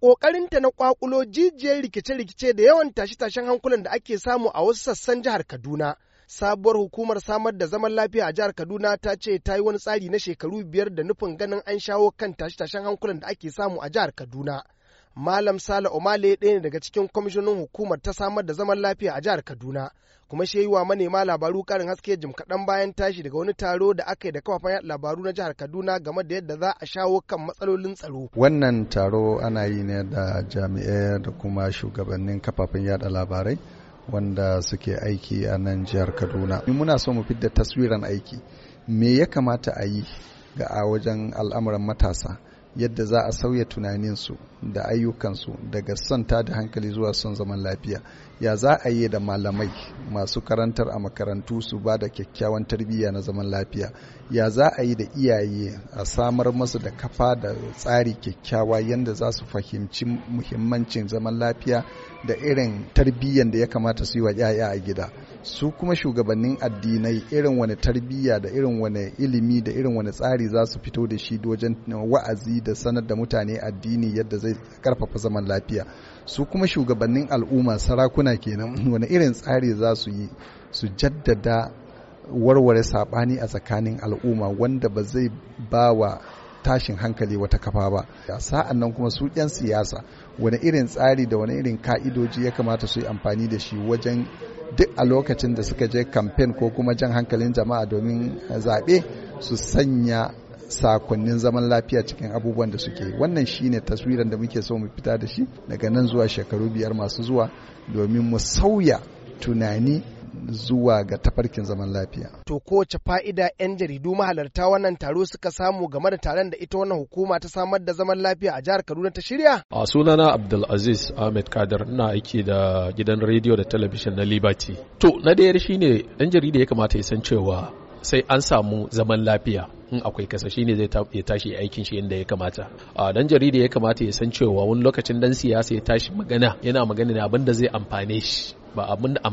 ƙoƙarinta na ƙwaƙulo jijiyar rikice-rikice da yawan tashe-tashen hankulan da ake samu a wasu sassan jihar Kaduna. Sabuwar hukumar samar da zaman lafiya a jihar Kaduna ta ce ta yi wani tsari na shekaru biyar da nufin ganin an shawo kan tashe-tashen hankulan da ake samu a jihar Kaduna. Malam Sale Omale ɗaya ne daga cikin kwamishinan hukumar ta samar da zaman lafiya a jihar Kaduna, kuma shi yi wa manema labaru karin haske jim kaɗan bayan tashi daga wani taro da aka yi da kafafen labaru na jihar Kaduna game da yadda za a shawo kan matsalolin tsaro. Wannan taro ana yi ne da jami'ai da kuma shugabannin kafafen yaɗa labarai wanda suke aiki a nan jihar Kaduna. Muna so mu fidda taswiran aiki. Me ya kamata a yi ga a wajen al'amuran matasa? yadda za a sauya tunaninsu da ayyukansu daga santa da hankali zuwa son zaman lafiya ya za a yi da malamai masu karantar a makarantu su ba da kyakkyawan tarbiyya na zaman lafiya ya za a yi da iyaye a samar masu da kafa da tsari kyakkyawa yadda za su fahimci muhimmancin zaman lafiya da irin tarbiyyan da ya kamata su yi wa 'ya'ya a gida su kuma shugabannin addinai irin wani tarbiyya da irin wani ilimi da irin wani tsari za su fito da shi wajen wa'azi da sanar da mutane addini yadda zai karfafa zaman lafiya su kuma shugabannin al'umma sarakuna kenan wani irin tsari za su yi su jaddada warware saɓani a tsakanin al'umma wanda ba zai ba wa tashin hankali wata kafa ba sa'an nan kuma su 'yan siyasa wani irin tsari da wani irin ka'idoji ya kamata su yi amfani da shi wajen duk a lokacin da suka je kamfen ko kuma jan hankalin jama'a domin eh, zaɓe su sanya sakonnin zaman lafiya cikin abubuwan da suke wannan shine taswiran da muke so mu fita da shi daga nan zuwa shekaru biyar masu zuwa domin mu sauya tunani zuwa ga tafarkin zaman lafiya. To kowace fa'ida 'yan jaridu mahalarta wannan taro suka samu game da taron da ita wannan hukuma ta samar da zaman lafiya a jihar Kaduna ta shirya? A sunana Abdulaziz Ahmed Kadar ina aiki da gidan rediyo da talabijin na Liberty. To na daya shine 'yan jaridu ya kamata ya san cewa sai an samu zaman lafiya in akwai kasa shine zai ya tashi aikin shi inda ya kamata a dan jarida ya kamata ya san cewa wani lokacin dan siyasa ya tashi magana yana magana ne abin da zai amfane shi ba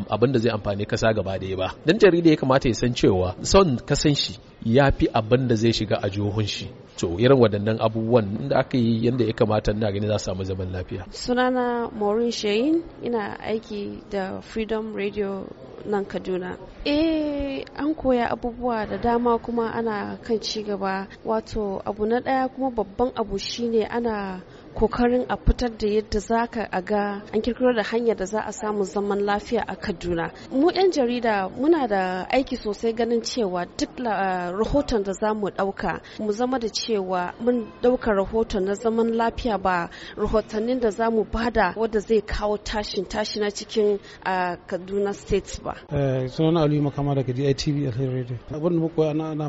abin da zai amfane kasa gaba daya ba dan jarida ya kamata ya san cewa son kasan shi ya fi abin da zai shiga a jihohin shi to irin waɗannan abubuwan da aka yi yadda ya kamata na gani za samu zaman lafiya sunana maureen shayin ina aiki da freedom radio nan kaduna eh an koya abubuwa da dama kuma ana kan ci gaba wato abu na ɗaya kuma babban abu shine ana kokarin a fitar da yadda za ka a ga an kirkiro da hanyar da za a samu zaman lafiya a kaduna mu 'yan jarida muna da aiki sosai ganin cewa duk uh, rahoton da za mu ɗauka mu zama da cewa mun ɗauka rahoton na zaman lafiya ba rahotannin da za mu bada wadda zai kawo tashin tashi na cikin uh, kaduna state ba eh, sunan aliyu makama daga ditv radio abin da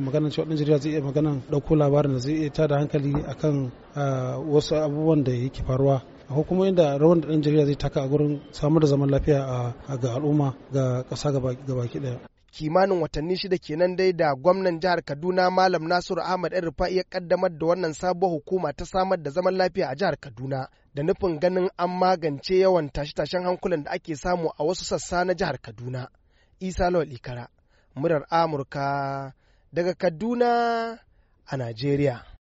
muka ana jarida zai iya magana dauko labarin da zai iya tada hankali akan uh, wasu abubuwan rawan da yake faruwa a kuma inda rawan da Najeriya zai taka a gurin samar da zaman lafiya ga al'umma ga ƙasa gabaki ɗaya. kimanin watanni shida kenan dai da gwamnan jihar kaduna malam nasiru ahmad yan rufa'i ya kaddamar da wannan sabuwar hukuma ta samar da zaman lafiya a jihar kaduna da nufin ganin an magance yawan tashe-tashen hankulan da ake samu a wasu sassa na jihar kaduna isa lawal ikara murar amurka daga kaduna a najeriya